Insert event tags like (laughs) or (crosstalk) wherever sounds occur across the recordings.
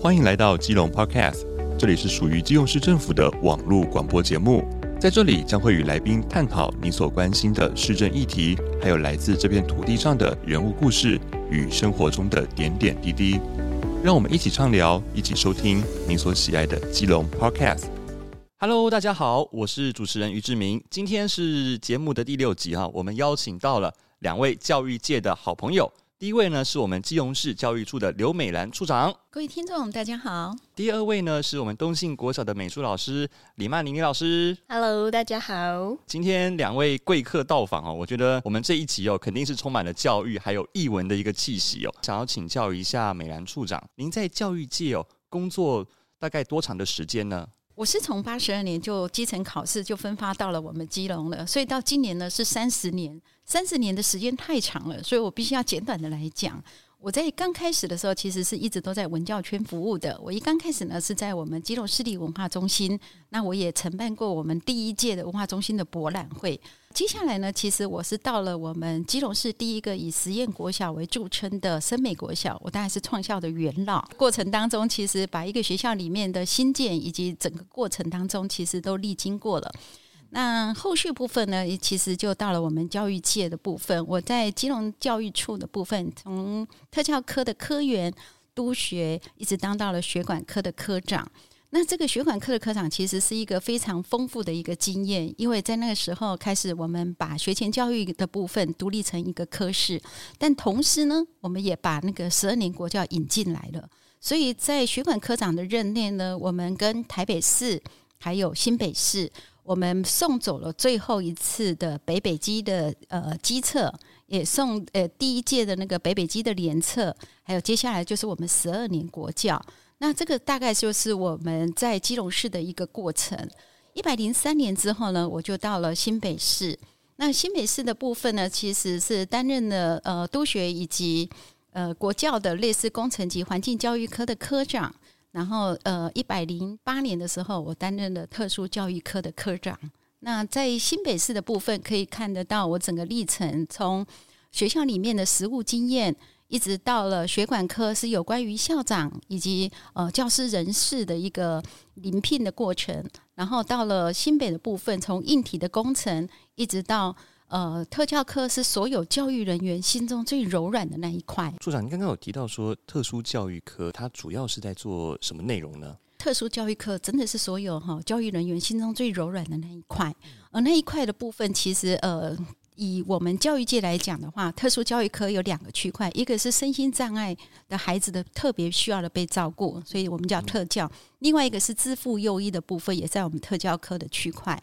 歡迎來到基隆 Podcast，這裡是屬於基隆市政府的網絡廣播節目，在這裡將會與來賓探討你所關心的市政議題，還有來自這片土地上的人物故事與生活中的點點滴滴。讓我們一起暢聊，一起收聽你所喜愛的基隆 Podcast。哈嘍大家好，我是主持人俞志明。今天是節目的第六集哈、啊，我們邀請到了兩位教育界的好朋友。第一位呢是我們基隆市教育處的劉美蘭處長，各位聽眾大家好。第二位呢是我們東信國小的美術老師李曼綾老師。哈嘍，大家好。今天兩位貴客到訪哦、啊，我覺得我們這一集哦，肯定是充滿了教育還有藝文的一個氣息哦。想要請教一下美蘭處長，您在教育界哦工作大概多長的時間呢？我是從八十二年就基層考試就分發到了我們基隆了，所以到今年呢是三十年，三十年的時間太長了，所以我必須要簡短的來講。我在剛開始的時候，其實是一直都在文教圈服務的。我一剛開始呢，是在我們基隆市立文化中心，那我也承辦過我們第一屆的文化中心的博覽會。接下來呢，其實我是到了我們基隆市第一個以實驗國小為著稱的深美國小，我當然是創校的元老。過程當中，其實把一個學校裡面的新建以及整個過程當中，其實都歷經過了。那後續部分呢，其實就到了我們教育界的部分。我在基隆教育處的部分，從特教科的科員督學，一直當到了學管科的科長。那這個學管科的科長，其實是一個非常豐富的一個經驗，因為在那個時候開始，我們把學前教育的部分獨立成一個科室，但同時呢，我們也把那個十二年國教引進來了。所以在學管科長的任內呢，我們跟台北市還有新北市。我們送走了最後一次的北北基的呃基測，也送呃第一屆的那個北北基的聯測，還有接下來就是我們十二年國教。那這個大概就是我們在基隆市的一個過程。一百零三年之後呢，我就到了新北市。那新北市的部分呢，其實是擔任了呃督學以及呃國教的類似工程及環境教育科的科長。然後，呃，一百零八年的時候，我擔任了特殊教育科的科長。那在新北市的部分，可以看得到我整個歷程，從學校裡面的實務經驗，一直到了學管科，是有關於校長以及呃教師人事的一個遴聘的過程。然後到了新北的部分，從硬體的工程，一直到。呃，特教科是所有教育人員心中最柔軟的那一塊。處長，您剛剛有提到說，特殊教育科它主要是在做什麼內容呢？特殊教育科真的是所有哈、哦、教育人員心中最柔軟的那一塊，而、呃、那一塊的部分，其實呃，以我們教育界來講的話，特殊教育科有兩個區塊，一個是身心障礙的孩子的特別需要的被照顧，所以我們叫特教。嗯、另外一個是資賦優異的部分，也在我們特教科的區塊。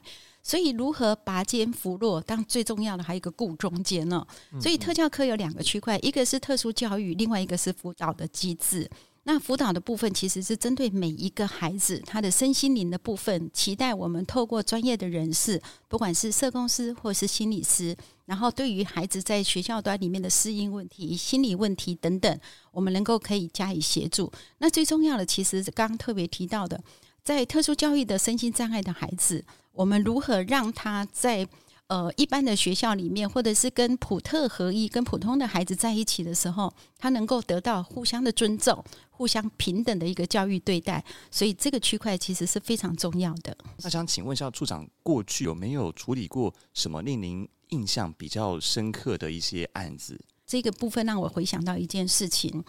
所以，如何拔尖扶弱？當最重要的還有一個顧中間呢、哦。所以，特教科有兩個區塊，一個是特殊教育，另外一個是輔導的機制。那輔導的部分其實是針對每一個孩子他的身心靈的部分，期待我們透過專業的人士，不管是社工師或是心理師，然後對於孩子在學校端裡面的適應問題、心理問題等等，我們能夠可以加以協助。那最重要的，其實剛剛特別提到的，在特殊教育的身心障礙的孩子。我們如何讓他在呃一般的學校裡面，或者是跟普特合一、跟普通的孩子在一起的時候，他能夠得到互相的尊重、互相平等的一個教育對待。所以這個區塊其實是非常重要的。那想請問一下，處長過去有沒有處理過什麼令您印象比較深刻的一些案子？這個部分讓我回想到一件事情。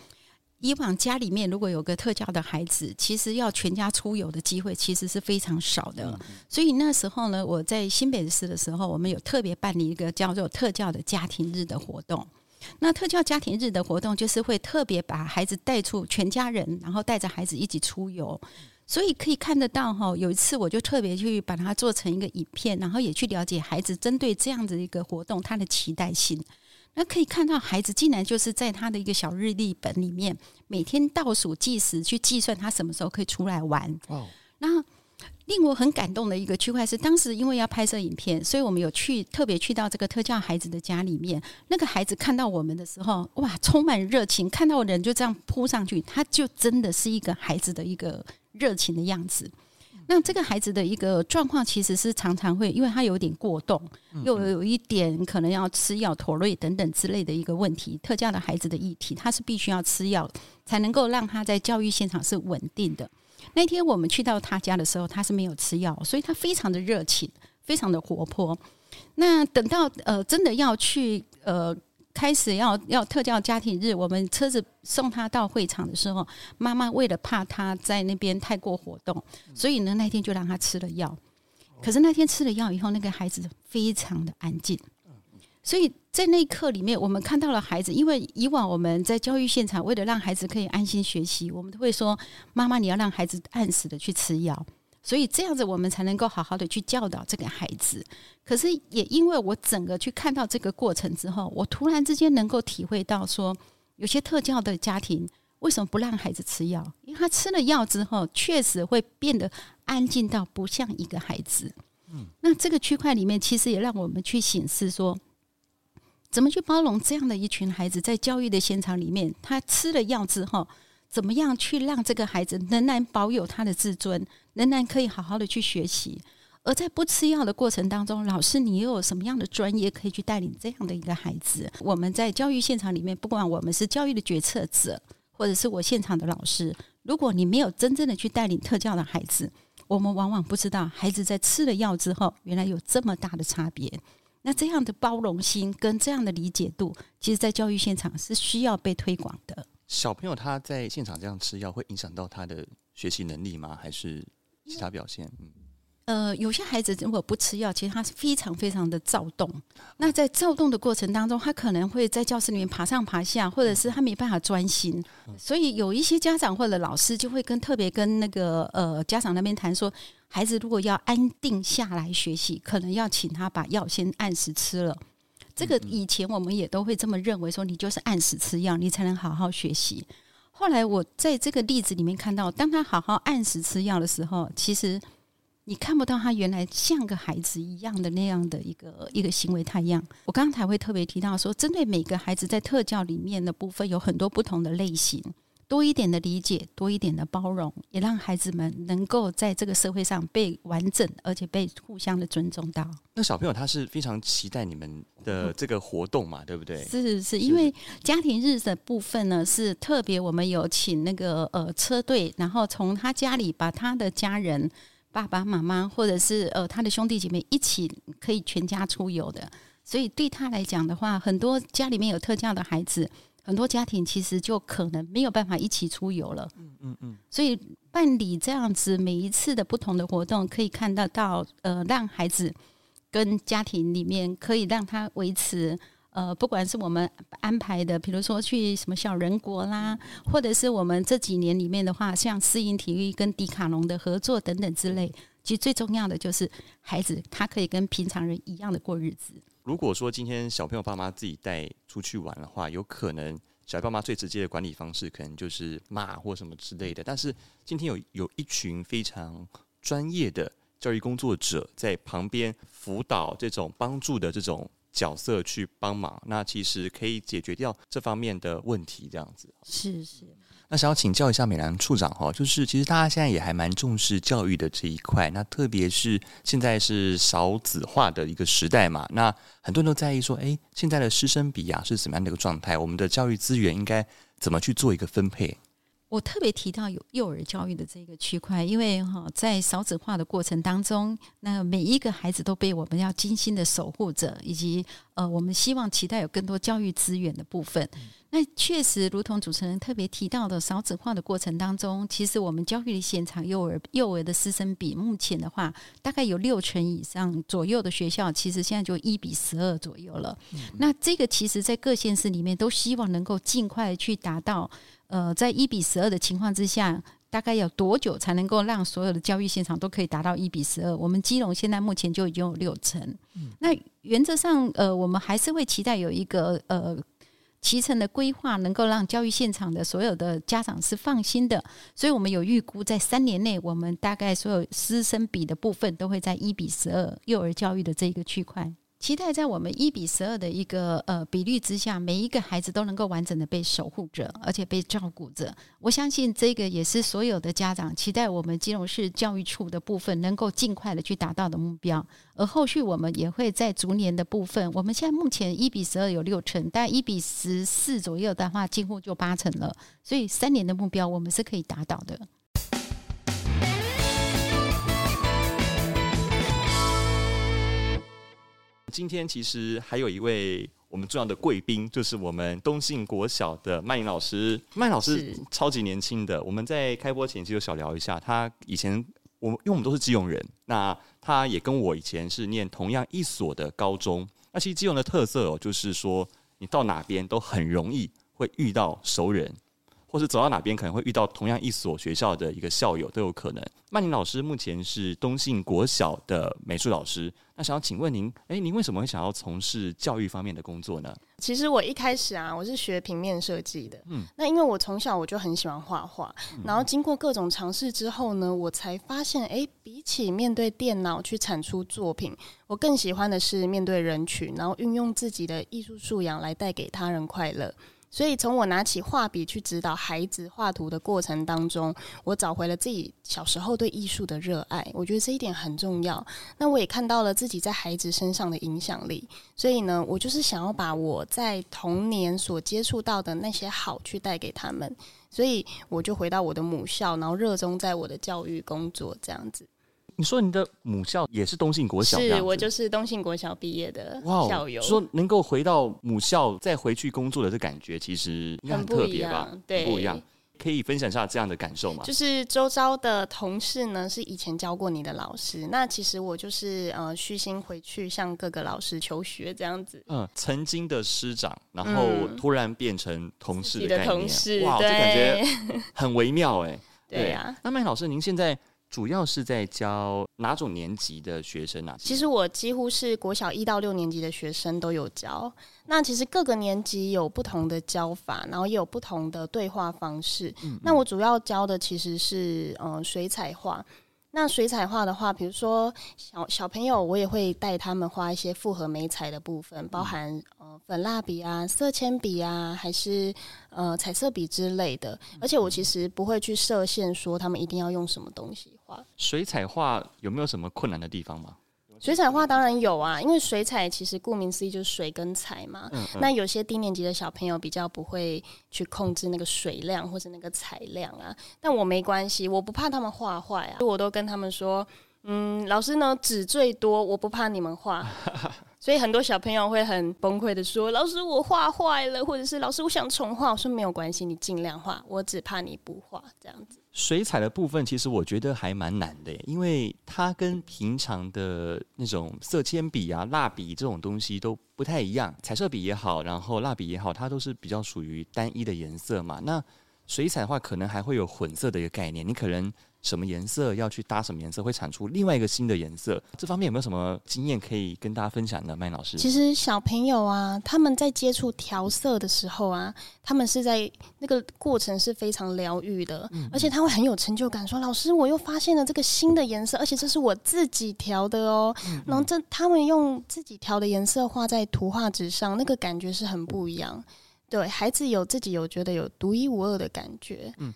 以往家裡面如果有個特教的孩子，其實要全家出遊的機會其實是非常少的。所以那時候呢，我在新北市的時候，我們有特別辦理一個叫做特教的家庭日的活動。那特教家庭日的活動就是會特別把孩子帶出全家人，然後帶着孩子一起出遊。所以可以看得到哈，有一次我就特別去把它做成一個影片，然後也去了解孩子針對這樣子一個活動他的期待性。那可以看到，孩子竟然就是在他的一個小日曆本裡面，每天倒數計時去計算他什麼時候可以出來玩。哦，那令我很感動的一個區塊是，當時因為要拍攝影片，所以我們有去特別去到這個特教孩子的家裡面。那個孩子看到我們的時候，哇，充滿熱情，看到人就這樣撲上去，他就真的是一個孩子的一個熱情的樣子。那這個孩子的一個狀況，其實是常常會，因為他有點過動，又有一點可能要吃藥、妥瑞等等之類的一個問題。特教的孩子的議題，他是必須要吃藥才能夠讓他在教育現場是穩定的。那天我們去到他家的時候，他是沒有吃藥，所以他非常的熱情，非常的活潑。那等到呃，真的要去呃。開始要要特教家庭日，我們車子送他到會場的時候，媽媽為了怕他在那邊太過活動，所以呢那天就讓他吃了藥。可是那天吃了藥以後，那個孩子非常的安靜，所以在那一刻裡面，我們看到了孩子。因為以往我們在教育現場，為了讓孩子可以安心學習，我們都會說：“媽媽，你要讓孩子按時的去吃藥。”所以這樣子，我們才能夠好好的去教導這個孩子。可是，也因為我整個去看到這個過程之後，我突然之間能夠體會到，說有些特教的家庭為什麼不讓孩子吃藥？因為他吃了藥之後，確實會變得安靜到不像一個孩子。嗯，那這個區塊裡面，其實也讓我們去省思說，怎麼去包容這樣的一群孩子，在教育的現場裡面，他吃了藥之後，怎麼樣去讓這個孩子仍然保有他的自尊？仍然可以好好的去學習，而在不吃藥的過程當中，老師你又有什麼樣的專業可以去帶領這樣的一個孩子？我們在教育現場裡面，不管我們是教育的決策者，或者是我現場的老師，如果你沒有真正的去帶領特教的孩子，我們往往不知道孩子在吃了藥之後，原來有這麼大的差別。那這樣的包容心跟這樣的理解度，其實，在教育現場是需要被推廣的。小朋友他在現場這樣吃藥，會影響到他的學習能力嗎？還是？其他表現，嗯，呃，有些孩子如果不吃藥，其實他是非常非常的躁動。那在躁動的過程當中，他可能會在教室裡面爬上爬下，或者是他沒辦法專心。所以有一些家長或者老師就會跟特別跟那個呃家長那邊談說，孩子如果要安定下來學習，可能要請他把藥先按時吃了。這個以前我們也都會這麼認為說，說你就是按時吃藥，你才能好好學習。後來我在這個例子裡面看到，當他好好按時吃藥的時候，其實你看不到他原來像個孩子一樣的那樣的一個一個行為態樣。我剛才會特別提到說，針對每個孩子在特教裡面的部分，有很多不同的類型。多一點的理解，多一點的包容，也讓孩子們能夠在這個社會上被完整，而且被互相的尊重到。那小朋友他是非常期待你們的這個活動嘛，嗯、對不對？是，是是，因為家庭日的部分呢，是特別我們有請那個呃車隊，然後從他家裡把他的家人爸爸媽媽或者是呃他的兄弟姐妹一起可以全家出遊的。所以對他來講的話，很多家裡面有特教的孩子。很多家庭其實就可能沒有辦法一起出遊了，嗯嗯嗯，所以辦理這樣子每一次的不同的活動，可以看得到到，呃，讓孩子跟家庭裡面可以讓他維持，呃，不管是我們安排的，比如說去什麼小人國啦，或者是我們這幾年裡面的話，像適應體育跟迪卡儂的合作等等之類，其實最重要的就是孩子他可以跟平常人一樣的過日子。如果說今天小朋友爸媽自己帶出去玩的話，有可能小孩爸媽最直接的管理方式可能就是罵或什麼之類的。但是今天有有一群非常專業的教育工作者在旁邊輔導，這種幫助的這種。角色去幫忙，那其實可以解決掉這方面的問題，這樣子。是是，那想要請教一下美蘭處長哈，就是其實大家現在也還蠻重視教育的這一塊，那特別是現在是少子化的一個時代嘛，那很多人都在意說，哎、欸，現在的師生比啊是怎麼樣的一個狀態？我們的教育資源應該怎麼去做一個分配？我特別提到有幼兒教育的這個區塊，因為哈，在少子化的過程當中，那每一個孩子都被我們要精心的守護着，以及呃，我們希望期待有更多教育資源的部分。那確實，如同主持人特別提到的，少子化的過程當中，其實我們教育的現場幼兒幼兒的師生比，目前的話，大概有六成以上左右的學校，其實現在就一比十二左右了。那這個其實，在各縣市裡面，都希望能夠盡快去達到。呃，在一比十二的情況之下，大概要多久才能夠讓所有的教育現場都可以達到一比十二？我們基隆現在目前就已經有六成。嗯、那原則上，呃，我們還是會期待有一個呃，期程的規劃，能夠讓教育現場的所有的家長是放心的。所以我們有預估，在三年內，我們大概所有師生比的部分都會在一比十二。幼兒教育的這一個區塊。期待在我們一比十二的一個呃比率之下，每一個孩子都能夠完整的被守護着，而且被照顧着。我相信這個也是所有的家長期待我們基隆市教育處的部分能夠盡快的去達到的目標。而後續我們也會在逐年的部分，我們現在目前一比十二有六成，但一比十四左右的話，幾乎就八成了。所以三年的目標我們是可以達到的。今天其實還有一位我們重要的貴賓，就是我們東信國小的曼綾老師。曼綾老師超級年輕的，是我們在開播前其實有小聊一下。他以前，我們因為我們都是基隆人，那他也跟我以前是念同樣一所的高中。那其實基隆的特色哦，就是說你到哪邊都很容易會遇到熟人。或是走到哪邊，可能會遇到同樣一所學校的一個校友都有可能。曼綾老師目前是東信國小的美術老師，那想要請問您，哎、欸，您為什麼會想要從事教育方面的工作呢？其實我一開始啊，我是學平面設計的，嗯，那因為我從小我就很喜歡畫畫，然後經過各種嘗試之後呢，我才發現，哎、欸，比起面對電腦去産出作品，我更喜歡的是面對人群，然後運用自己的藝術素養來帶給他人快樂。所以，從我拿起畫筆去指導孩子畫圖的過程當中，我找回了自己小時候對藝術的熱愛。我覺得這一點很重要。那我也看到了自己在孩子身上的影響力。所以呢，我就是想要把我在童年所接觸到的那些好去帶給他們。所以，我就回到我的母校，然後熱衷在我的教育工作這樣子。你說你的母校也是東信國小，是，我就是東信國小畢業的校友。Wow, 說能夠回到母校再回去工作的這感覺，其實應該很特別吧？對，不一樣，可以分享一下這樣的感受嗎？就是周遭的同事呢，是以前教過你的老師。那其實我就是呃虛心回去向各個老師求學這樣子。嗯，曾經的師長，然後突然變成同事，你的同事，哇，對這感覺很微妙哎、欸。對呀、啊，那麥老師，您現在？主要是在教哪種年級的學生呢、啊？其實我幾乎是國小一到六年級的學生都有教。那其實各個年級有不同的教法，然後也有不同的對話方式。嗯嗯，那我主要教的其實是嗯，水彩畫。那水彩畫的話，比如說小小朋友，我也會帶他們畫一些複合媒材的部分，包含呃粉蠟筆啊、色鉛筆啊，還是呃彩色筆之類的。而且我其實不會去設限，說他們一定要用什麼東西畫。水彩畫有沒有什麼困難的地方嗎？水彩畫當然有啊，因為水彩其實顧名思義就是水跟彩嘛。嗯嗯，那有些低年級的小朋友比較不會去控制那個水量或者那個彩量啊，但我沒關係，我不怕他們畫壞啊。我都跟他們說，嗯，老師呢，紙最多，我不怕你們畫。 (laughs) 所以很多小朋友會很崩潰的說：“老師，我畫壞了，或者是老師，我想重畫。”我說：“沒有關係，你盡量畫，我只怕你不畫。”這樣子。水彩的部分其實我覺得還蠻難的，因為它跟平常的那種色鉛筆啊、蠟筆這種東西都不太一樣。彩色筆也好，然後蠟筆也好，它都是比較屬於單一的顏色嘛。那水彩的話，可能還會有混色的一個概念，你可能。什麼顏色要去搭什麼顏色，會產出另外一個新的顏色？這方面有沒有什麼經驗可以跟大家分享呢，曼老師？其實小朋友啊，他們在接觸調色的時候啊，他們是在那個過程是非常療癒的，嗯嗯，而且他會很有成就感，說：“老師，我又發現了這個新的顏色，而且這是我自己調的哦。”嗯嗯，然後這他們用自己調的顏色畫在圖畫紙上，那個感覺是很不一樣。對，孩子有自己有覺得有獨一無二的感覺。嗯。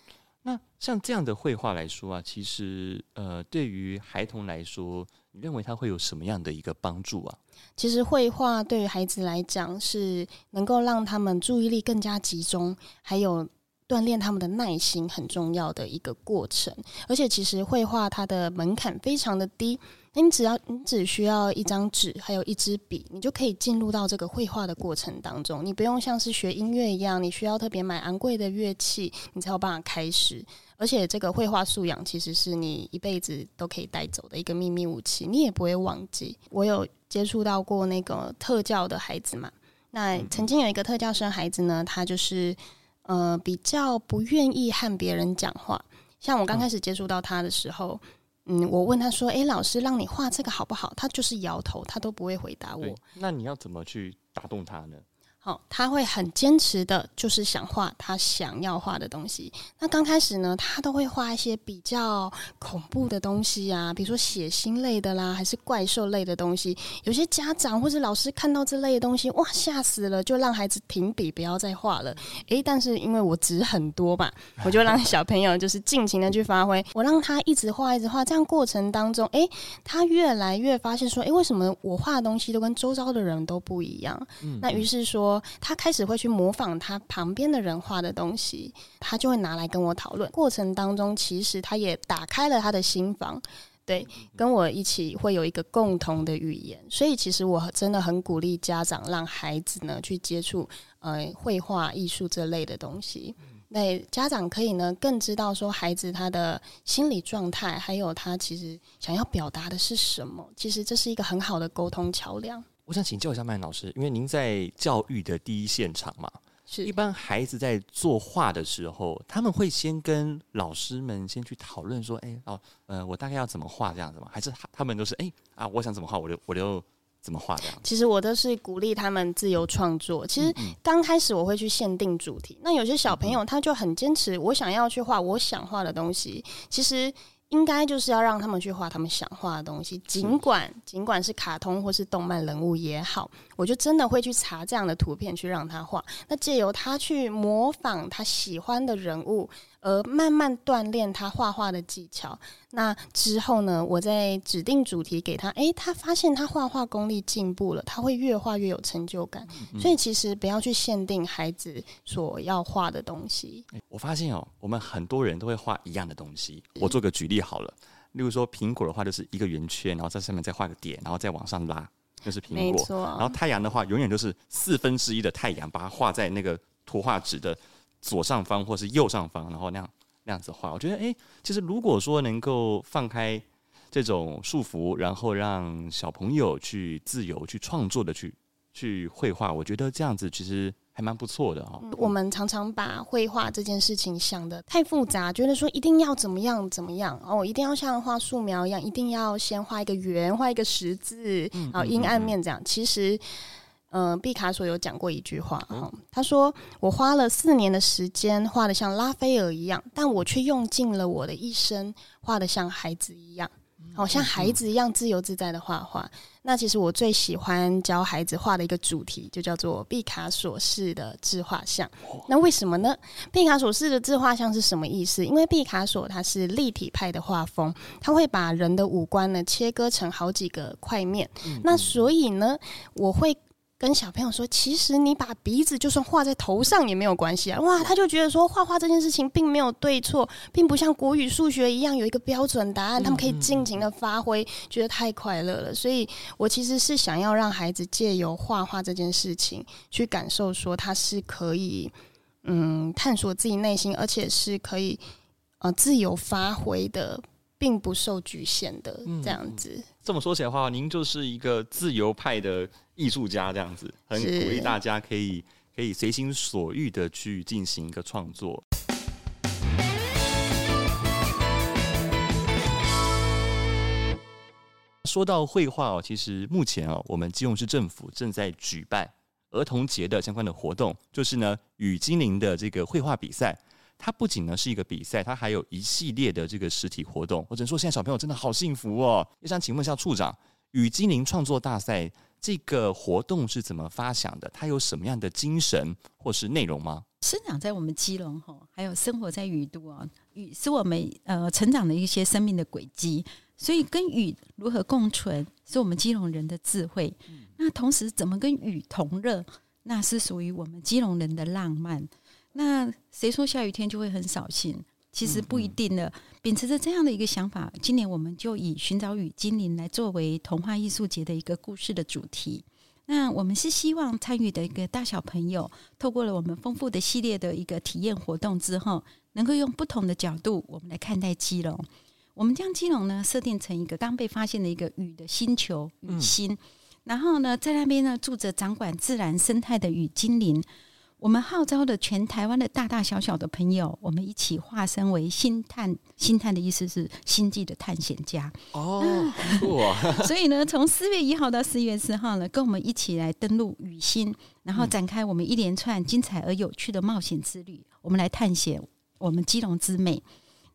像這樣的繪畫來說啊，其實呃，對於孩童來說，你認為他會有什麼樣的一個幫助啊？其實繪畫對於孩子來講是能夠讓他們注意力更加集中，還有，鍛鍊他們的耐心，很重要的一個過程，而且其實繪畫它的門檻非常的低，你只要，你只需要一張紙，還有一支筆，你就可以進入到這個繪畫的過程當中。你不用像是學音樂一樣，你需要特別買昂貴的樂器，你才有辦法開始。而且這個繪畫素養其實是你一輩子都可以帶走的一個秘密武器，你也不會忘記。我有接觸到過那個特教的孩子嘛，那曾經有一個特教生孩子呢，他就是。呃，比較不願意和別人講話。像我剛開始接觸到他的時候，嗯，嗯，我問他說：“哎、欸，老師讓你畫這個好不好？”他就是搖頭，他都不會回答我。那你要怎麼去打動他呢？好、哦，他會很堅持的，就是想畫他想要畫的東西。那剛開始呢，他都會畫一些比較恐怖的東西啊，比如說血腥類的啦，還是怪獸類的東西。有些家長或者老師看到這類的東西，哇，嚇死了，就讓孩子停筆，不要再畫了。哎，但是因為我紙很多吧，我就讓小朋友就是盡情的去發揮。 (laughs) 我讓他一直畫，一直畫，這樣過程當中，哎，他越來越發現說，哎，為什麼我畫的東西都跟周遭的人都不一樣？嗯、那於是說。他開始會去模仿他旁邊的人畫的東西，他就會拿來跟我討論。過程當中，其實他也打開了他的心房，對，跟我一起會有一個共同的語言。所以，其實我真的很鼓勵家長讓孩子呢去接觸呃繪畫藝術這類的東西。那家長可以呢更知道說孩子他的心理狀態，還有他其實想要表達的是什麼。其實這是一個很好的溝通橋樑。我想請教一下曼綾老師，因為您在教育的第一現場嘛，是一般孩子在作畫的時候，他們會先跟老師們先去討論說，哎，哦，呃，我大概要怎麼畫這樣子嗎？還是他們都是，哎、欸、啊，我想怎麼畫我就我就怎麼畫這樣？其實我都是鼓勵他們自由創作。其實剛開始我會去限定主題，嗯嗯，那有些小朋友他就很堅持，我想要去畫我想畫的東西，其實。應該就是要讓他們去畫他們想畫的東西，儘管儘管是卡通或是動漫人物也好，我就真的會去查這樣的圖片去讓他畫，那借由他去模仿他喜歡的人物。而慢慢鍛鍊他畫畫的技巧。那之後呢，我再指定主題給他。誒、欸，他發現他畫畫功力進步了，他會越畫越有成就感。所以其實不要去限定孩子所要畫的東西。欸、我發現哦、喔，我們很多人都會畫一樣的東西。我做個舉例好了，例如說蘋果的話，就是一個圓圈，然後在上面再畫個點，然後再往上拉，就是蘋果。沒錯。然後太陽的話，永遠就是四分之一的太陽，把它畫在那個圖畫紙的。左上方或是右上方，然後那樣那樣子畫。我覺得，哎、欸，其實如果說能夠放開這種束縛，然後讓小朋友去自由去創作的去去繪畫，我覺得這樣子其實還蠻不錯的哈、喔嗯。我們常常把繪畫這件事情想得太複雜，覺得說一定要怎麼樣怎麼樣哦，一定要像畫素描一樣，一定要先畫一個圓，畫一個十字，然後陰暗面這樣。其實。嗯、呃，畢卡索有講過一句話哈、哦，他說：“我花了四年的時間畫得像拉斐爾一樣，但我卻用盡了我的一生畫得像孩子一樣，好、哦、像孩子一樣自由自在的畫畫。”那其實我最喜歡教孩子畫的一個主題就叫做畢卡索式的自畫像。那為什麼呢？畢卡索式的自畫像是什麼意思？因為畢卡索他是立體派的畫風，他會把人的五官呢切割成好幾個塊面。嗯嗯那所以呢，我會。跟小朋友說，其實你把鼻子就算畫在頭上也沒有關係啊！哇，他就覺得說，畫畫這件事情並沒有對錯，並不像國語、數學一樣有一個標準答案，他們可以盡情的發揮，覺得太快樂了。所以我其實是想要讓孩子借由畫畫這件事情，去感受說他是可以，嗯，探索自己內心，而且是可以呃自由發揮的，並不受局限的這樣子。這麼說起來的話，您就是一個自由派的藝術家，這樣子很鼓勵大家可以可以隨心所欲的去進行一個創作。是說到繪畫哦，其實目前啊，我們基隆市政府正在舉辦兒童節的相關的活動，就是呢雨精靈的這個繪畫比賽。它不僅呢是一個比賽，它還有一系列的這個實體活動。我只能說，現在小朋友真的好幸福哦！也想請問一下處長，雨精靈創作大賽這個活動是怎麼發想的？它有什麼樣的精神或是內容嗎？生長在我們基隆吼，還有生活在雨都啊，雨是我們呃成長的一些生命的軌跡。所以，跟雨如何共存，是我們基隆人的智慧。嗯、那同時，怎麼跟雨同樂，那是屬於我們基隆人的浪漫。那誰說下雨天就會很掃興？其實不一定的。秉持着這樣的一個想法，今年我們就以尋找雨精靈來作為童話藝術節的一個故事的主題。那我們是希望參與的一個大小朋友，透過了我們豐富的系列的一個體驗活動之後，能夠用不同的角度我們來看待基隆。我們將基隆呢設定成一個剛被發現的一個雨的星球，雨星，然後呢在那邊呢住着掌管自然生態的雨精靈。我們號召了全台灣的大大小小的朋友，我們一起化身為星探，星探的意思是星際的探險家哦。哇！所以呢，從四月一號到四月四號呢，跟我們一起來登陸雨星，然後展開我們一連串精彩而有趣的冒險之旅。我們來探險我們基隆之美。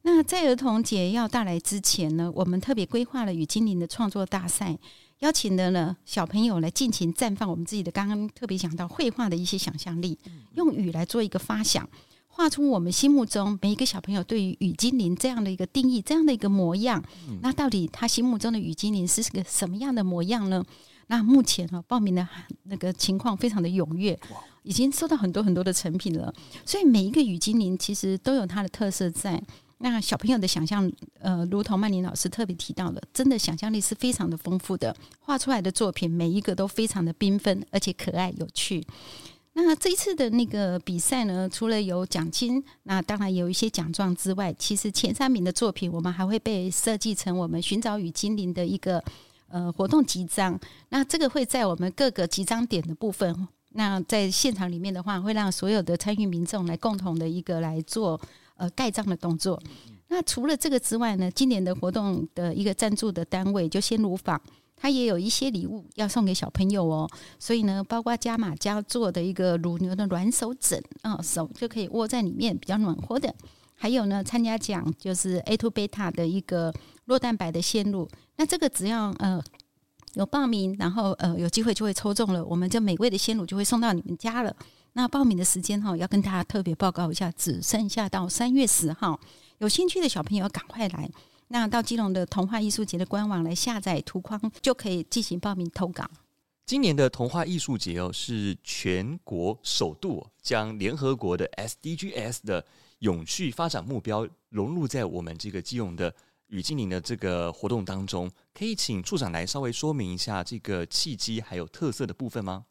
那在兒童節要到來之前呢，我們特別規劃了雨精靈的創作大賽。邀請的呢，小朋友來盡情綻放我們自己的，剛剛特別講到繪畫的一些想象力，用雨來做一個發想，畫出我們心目中每一個小朋友對於雨精靈這樣的一個定義，這樣的一個模樣。那到底他心目中的雨精靈是個什麼樣的模樣呢？那目前呢，報名的那個情況非常的踴躍，已經收到很多很多的成品了。所以每一個雨精靈其實都有它的特色在。那小朋友的想象，呃，如同曼綾老師特別提到的，真的想象力是非常的豐富的，畫出來的作品每一個都非常的繽紛，而且可愛有趣。那這一次的那個比賽呢，除了有獎金，那當然有一些獎狀之外，其實前三名的作品，我們還會被設計成我們“尋找雨精靈”的一個呃活動集章。那這個會在我們各個集章點的部分，那在現場裡面的話，會讓所有的參與民眾來共同的一個來做。呃，蓋章的動作。那除了這個之外呢，今年的活動的一個贊助的單位就鮮乳坊，它也有一些禮物要送給小朋友哦。所以呢，包括加碼加做的一個乳牛的暖手枕啊、哦，手就可以握在裡面，比較暖和的。還有呢，參加獎就是 A2 β 的一個酪蛋白的鮮乳。那這個只要呃有報名，然後呃有機會就會抽中了，我們這美味的鮮乳就會送到你們家了。那報名的時間哈、哦，要跟大家特別報告一下，只剩下到三月十號，有興趣的小朋友趕快來。那到基隆的童話藝術節的官網來下載圖框，就可以進行報名投稿。今年的童話藝術節哦，是全國首度將聯合國的 SDGs 的永續發展目標融入在我們這個基隆的雨精靈的這個活動當中。可以請處長來稍微說明一下這個契機還有特色的部分嗎？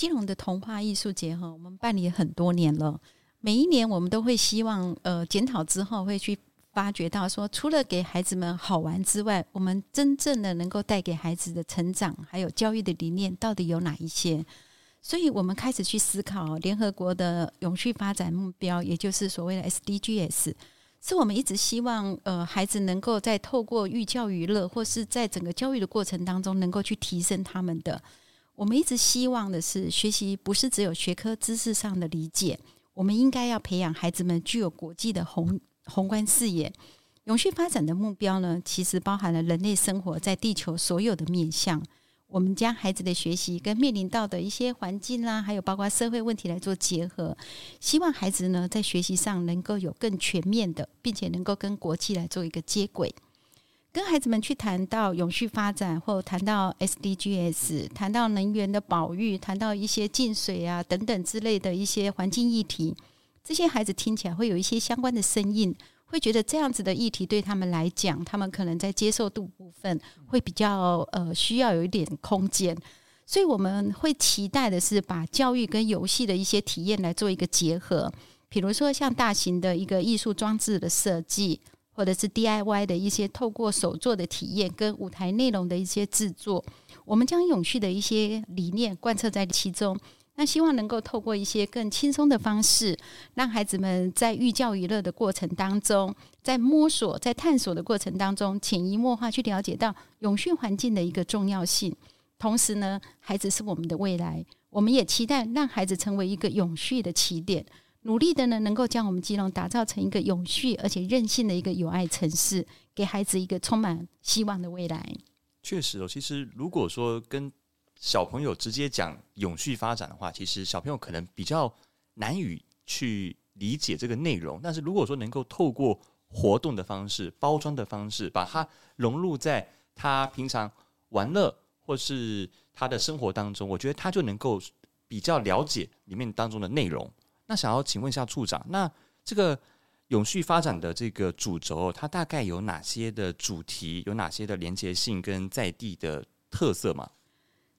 基隆的童話藝術節，我們辦理很多年了。每一年，我們都會希望，呃，檢討之後會去發掘到說，說除了給孩子們好玩之外，我們真正的能夠帶給孩子的成長，還有教育的理念，到底有哪一些？所以我們開始去思考聯合國的永續發展目標，也就是所謂的 SDGs，是我們一直希望，呃，孩子能夠在透過寓教於樂，或是在整個教育的過程當中，能夠去提升他們的。我們一直希望的是，學習不是只有學科知識上的理解，我們應該要培養孩子們具有國際的宏宏觀視野。永續發展的目標呢，其實包含了人類生活在地球所有的面向。我們將孩子的學習跟面臨到的一些環境啦、啊，還有包括社會問題來做結合，希望孩子呢在學習上能夠有更全面的，並且能夠跟國際來做一個接軌。跟孩子們去談到永續發展，或談到 SDGs，談到能源的保育，談到一些淨水啊等等之類的一些環境議題，這些孩子聽起來會有一些相關的聲音，會覺得這樣子的議題對他們來講，他們可能在接受度部分會比較呃需要有一點空間，所以我們會期待的是把教育跟遊戲的一些體驗來做一個結合，比如說像大型的一個藝術裝置的設計。或者是 DIY 的一些透過手作的體驗，跟舞台內容的一些製作，我們將永續的一些理念貫徹在其中。那希望能夠透過一些更輕鬆的方式，讓孩子們在寓教於樂的過程當中，在摸索、在探索的過程當中，潛移默化去了解到永續環境的一個重要性。同時呢，孩子是我們的未來，我們也期待讓孩子成為一個永續的起點，努力的呢，能夠將我們基隆打造成一個永續而且韌性的一個友愛城市，給孩子一個充滿希望的未來。確實哦，其實如果說跟小朋友直接講永續發展的話，其實小朋友可能比較難以去理解這個內容。但是如果說能夠透過活動的方式，包裝的方式，把它融入在他平常玩樂或是他的生活當中，我覺得他就能夠比較了解裡面當中的內容。那想要請問一下處長，那這個永續發展的這個主軸，它大概有哪些的主題，有哪些的連接性跟在地的特色嗎？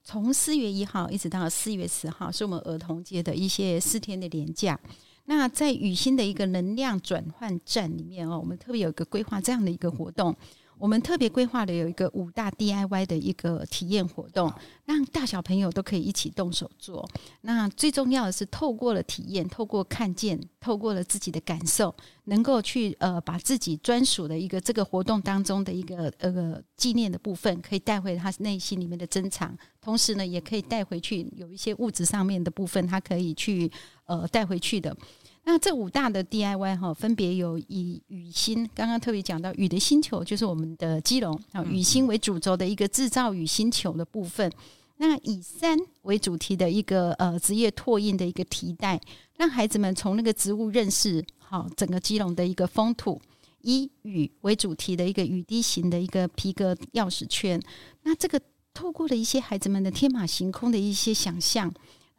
從四月一號一直到四月十號，是我們兒童節的一些四天的連假。那在雨欣的一個能量轉換站裡面哦，我們特別有一個規劃這樣的一個活動。嗯。我們特別規劃的有一個五大 DIY 的一個體驗活動，讓大小朋友都可以一起動手做。那最重要的是，透過了體驗，透過看見，透過了自己的感受，能夠去呃把自己專屬的一個這個活動當中的一個呃紀念的部分，可以帶回他內心裡面的珍藏。同時呢，也可以帶回去有一些物質上面的部分，他可以去呃帶回去的。那這五大的 DIY 哈，分別有以雨星，剛剛特別講到雨的星球，就是我們的基隆啊，雨星為主軸的一個製造雨星球的部分。那以山為主題的一個呃職業拓印的一個提袋，讓孩子們從那個植物認識好整個基隆的一個風土。以雨為主題的一個雨滴型的一個皮革鑰匙圈。那這個透過了一些孩子們的天馬行空的一些想象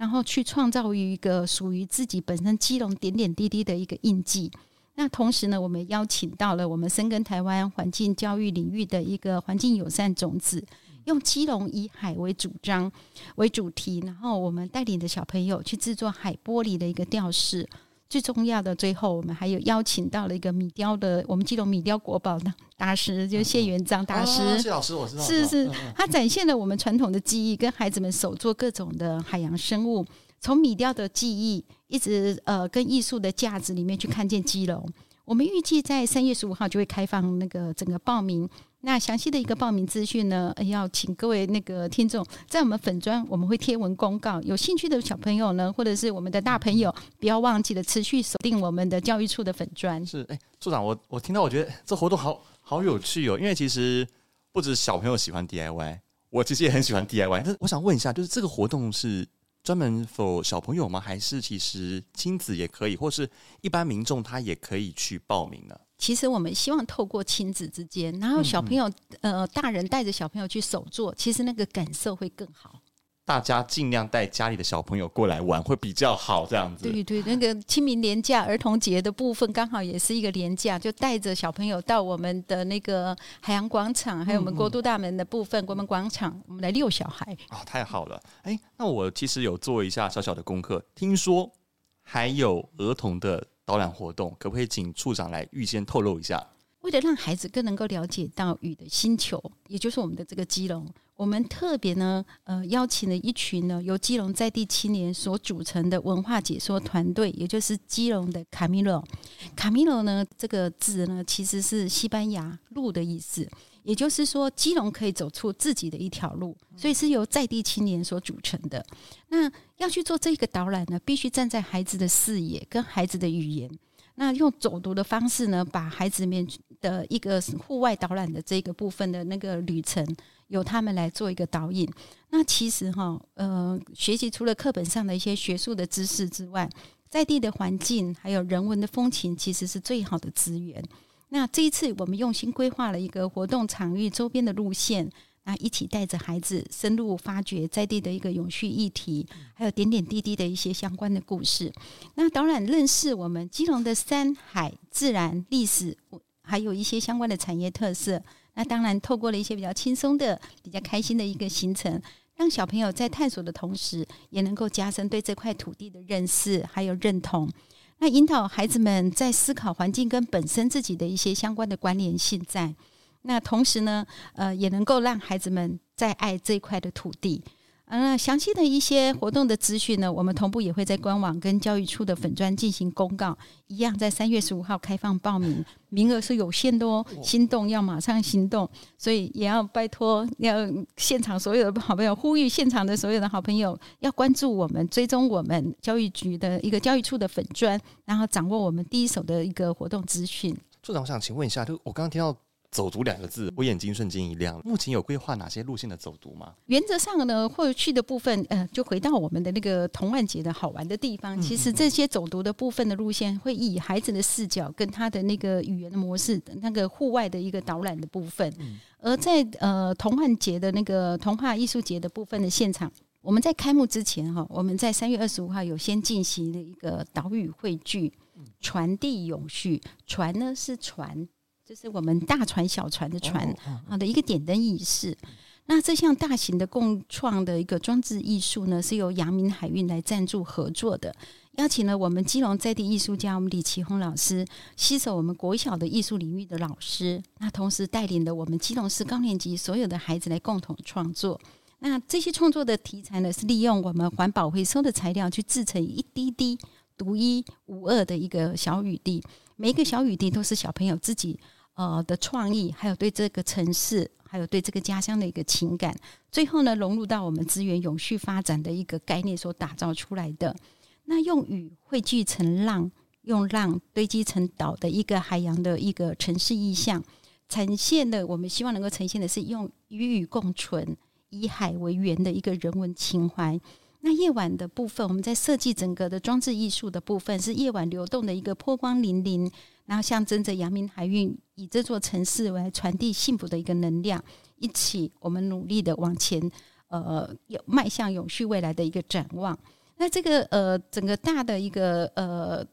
然後去創造一個屬於自己本身基隆點點滴滴的一個印記。那同時呢，我們邀請到了我們深耕台灣環境教育領域的一個環境友善種子，用基隆以海為主張為主題，然後我們帶領著小朋友去製作海玻璃的一個吊飾。最重要的，最後我們還有邀請到了一個米雕的，我們基隆米雕國寶的大師，就是謝元章大師。謝、嗯哦、老師，我知道。是是，嗯、他展現了我們傳統的技藝，跟孩子們手做各種的海洋生物，從米雕的技藝，一直呃，跟藝術的價值裡面去看見基隆。我們預計在三月十五號就會開放那個整個報名。那詳細的一個報名資訊呢，要請各位那個聽眾在我們粉專，我們會貼文公告。有興趣的小朋友呢，或者是我們的大朋友，不要忘記了持續鎖定我們的教育處的粉專。是，誒、欸，處長，我我聽到我覺得這活動好好有趣哦，因為其實不止小朋友喜歡 DIY，我其實也很喜歡 DIY。但是我想問一下，就是這個活動是專門 for 小朋友嗎？還是其實親子也可以，或是一般民眾他也可以去報名呢？其實我們希望透過親子之間，然後小朋友，嗯、呃，大人帶着小朋友去手做，其實那個感受會更好。大家盡量帶家裡的小朋友過來玩會比較好，這樣子。對對，那個清明連假，兒童節的部分，剛好也是一個連假，就帶着小朋友到我們的那個海洋廣場，還有我們國都大門的部分，嗯、國門廣場，我們來遛小孩。啊、哦，太好了！哎，那我其實有做一下小小的功課，聽說還有兒童的。導覽活動可不可以請處長來預先透露一下？為了讓孩子更能夠了解到雨的星球，也就是我們的這個基隆，我們特別呢，呃，邀請了一群呢由基隆在地青年所組成的文化解說團隊，也就是基隆的卡米洛。卡米洛呢，這個字呢，其實是西班牙路的意思。也就是說，基隆可以走出自己的一條路，所以是由在地青年所組成的。那要去做這個導覽呢，必須站在孩子的視野跟孩子的語言。那用走讀的方式呢，把孩子們的一個戶外導覽的這個部分的那個旅程，由他們來做一個導引。那其實哈，呃，學習除了課本上的一些學術的知識之外，在地的環境還有人文的風情，其實是最好的資源。那這一次，我們用心規劃了一個活動場域周邊的路線，啊，一起帶着孩子深入發掘在地的一個永續議題，還有點點滴滴的一些相關的故事。那當然，認識我們基隆的山海、自然、歷史，還有一些相關的產業特色。那當然，透過了一些比較輕鬆的、比較開心的一個行程，讓小朋友在探索的同時，也能夠加深對這塊土地的認識，還有認同。那引導孩子們在思考環境跟本身自己的一些相關的關聯性在，在那同時呢，呃，也能夠讓孩子們在愛這一塊的土地。嗯，詳細的一些活動的資訊呢，我們同步也會在官網跟教育處的粉專進行公告。一樣，在三月十五號開放報名，名額是有限的哦，心動要馬上行動，所以也要拜托要現場所有的好朋友，呼籲現場的所有的好朋友要關注我們，追蹤我們教育局的一個教育處的粉專，然後掌握我們第一手的一個活動資訊。處、哦哦哦哦、長，我想請問一下，就是、我剛剛聽到。走讀兩個字，我眼睛瞬間一亮。目前有規劃哪些路線的走讀嗎？原則上呢，會去的部分，呃，就回到我們的那個童萬節的好玩的地方。其實這些走讀的部分的路線，會以孩子的視角跟他的那個語言的模式，那個戶外的一個導覽的部分。而在呃童萬節的那個童話藝術節的部分的現場，我們在開幕之前哈，我們在三月二十五號有先進行的一個島嶼匯聚，傳遞永續，傳呢是傳。這是我們大船、小船的船好的一個點燈儀式。那這項大型的共創的一個裝置藝術呢，是由陽明海運來贊助合作的，邀請了我們基隆在地藝術家，我們李奇峰老師，攜手我們國小的藝術領域的老師，那同時帶領的我們基隆市高年級所有的孩子來共同創作。那這些創作的題材呢，是利用我們環保回收的材料去製成一滴滴獨一無二的一個小雨滴，每一個小雨滴都是小朋友自己，呃的創意，還有對這個城市，還有對這個家鄉的一個情感，最後呢融入到我們資源永續發展的一個概念所打造出來的。那用雨匯聚成浪，用浪堆積成島的一個海洋的一個城市意象，呈現的，我們希望能夠呈現的是用與雨共存，以海為源的一個人文情懷。那夜晚的部分，我們在設計整個的裝置藝術的部分，是夜晚流動的一個波光粼粼，然後象徵着陽明海運以這座城市來傳遞幸福的一個能量，一起我們努力的往前，呃，有邁向永續未來的一個展望。那這個呃，整個大的一個呃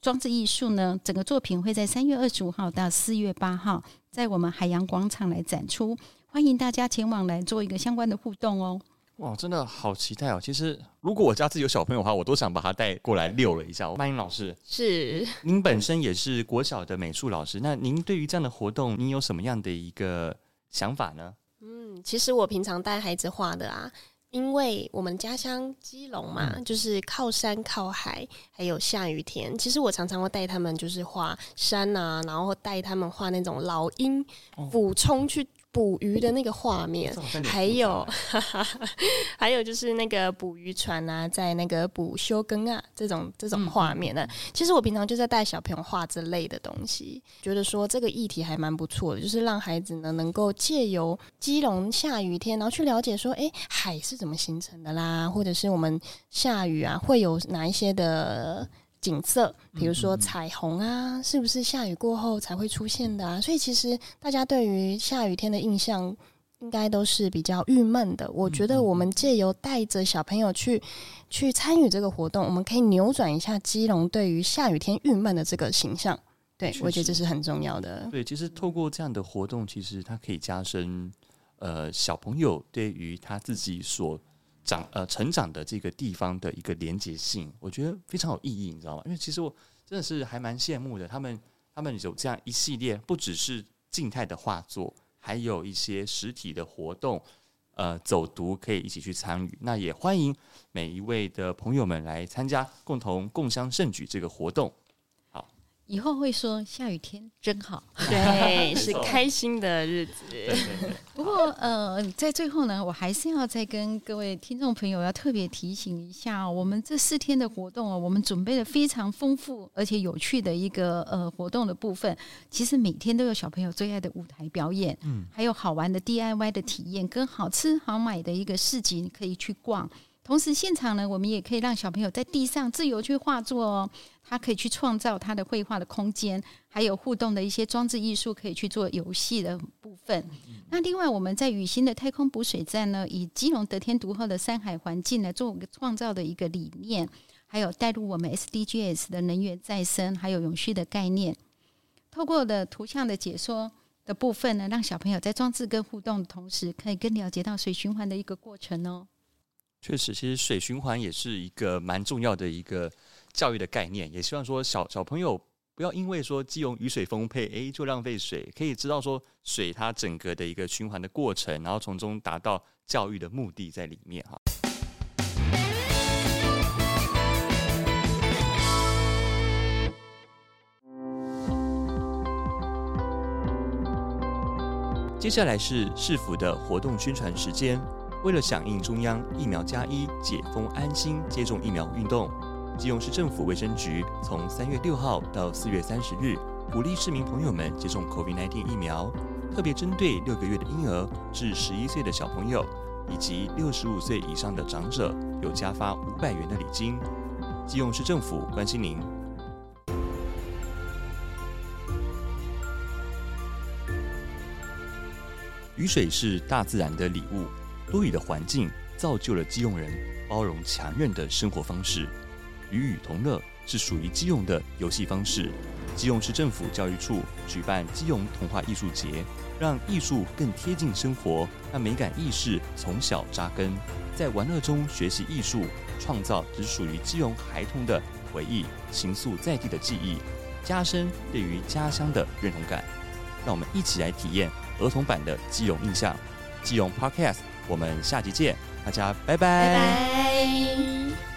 裝置藝術呢，整個作品會在三月二十五號到四月八號在我們海洋廣場來展出，歡迎大家前往來做一個相關的互動哦。哇，真的好期待哦！其實如果我家自己有小朋友的話，我都想把他帶過來遛了一下。曼綾老師是您本身也是國小的美術老師，那您對於這樣的活動，您有什麼樣的一個想法呢？嗯，其實我平常帶孩子畫的啊，因為我們家鄉基隆嘛，嗯、就是靠山靠海，還有下雨天，其實我常常會帶他們就是畫山啊，然後帶他們畫那種老鷹俯、哦、衝去。捕魚的那個畫面，欸、面還有哈哈，還有就是那個捕魚船啊，在那個補修耕啊，這種這種畫面呢。嗯、其實我平常就在帶小朋友畫這類的東西，覺得說這個議題還蠻不錯的，就是讓孩子呢能夠借由基隆下雨天，然後去了解說，哎、欸，海是怎麼形成的啦，或者是我們下雨啊會有哪一些的。景色，比如說彩虹啊，是不是下雨過後才會出現的啊？所以其實大家對於下雨天的印象，應該都是比較鬱悶的。我覺得我們借由帶着小朋友去去參與這個活動，我們可以扭轉一下基隆對於下雨天鬱悶的這個形象。對，確實，我覺得這是很重要的。對，其實透過這樣的活動，其實它可以加深呃小朋友對於他自己所。長呃成長的這個地方的一個連接性，我覺得非常有意義，你知道嗎？因為其實我真的是還蠻羨慕的，他們他們有這樣一系列，不只是靜態的畫作，還有一些實體的活動，呃，走讀可以一起去參與。那也歡迎每一位的朋友們來參加，共同共襄盛舉這個活動。以後會說下雨天真好，對，是開心的日子。 (laughs) 對對 不過呃，在最後呢，我還是要再跟各位聽眾朋友要特別提醒一下，哦，我們這四天的活動啊，哦，我們準備了非常豐富而且有趣的一個呃活動的部分。其實每天都有小朋友最愛的舞台表演，還有好玩的 DIY 的體驗，跟好吃好買的一個市集，你可以去逛。同時，現場呢，我們也可以讓小朋友在地上自由去畫作哦，他可以去創造他的繪畫的空間，還有互動的一些裝置藝術可以去做遊戲的部分。那另外，我們在雨欣的太空補水站呢，以基隆得天獨厚的山海環境來做個創造的一個理念，還有帶入我們 SDGs 的能源再生還有永續的概念。透過的圖像的解說的部分呢，讓小朋友在裝置跟互動的同時，可以更了解到水循環的一個過程哦。確實，其實水循環也是一個蠻重要的一個教育的概念，也希望說小小朋友不要因為說既用雨水豐沛，誒，就浪費水，可以知道說水它整個的一個循環的過程，然後從中達到教育的目的在裡面哈。嗯。接下來是市府的活動宣傳時間。為了響應中央“疫苗加一”解封安心接種疫苗運動，基隆市政府衛生局從三月六號到四月三十日，鼓勵市民朋友們接種 COVID-19 疫苗，特別針對六個月的嬰兒至十一歲的小朋友以及六十五歲以上的長者，有加發五百元的禮金。基隆市政府關心您。雨水是大自然的禮物。多雨的環境造就了基隆人包容強韌的生活方式，與雨同樂是屬於基隆的遊戲方式。基隆市政府教育處舉辦基隆童話藝術節，讓藝術更貼近生活，讓美感意識從小紮根，在玩樂中學習藝術，創造只屬於基隆孩童的回憶，情愫在地的記憶，加深對於家鄉的認同感。讓我們一起來體驗兒童版的基隆印象，基隆 Podcast。我們下期見，大家拜拜。拜拜。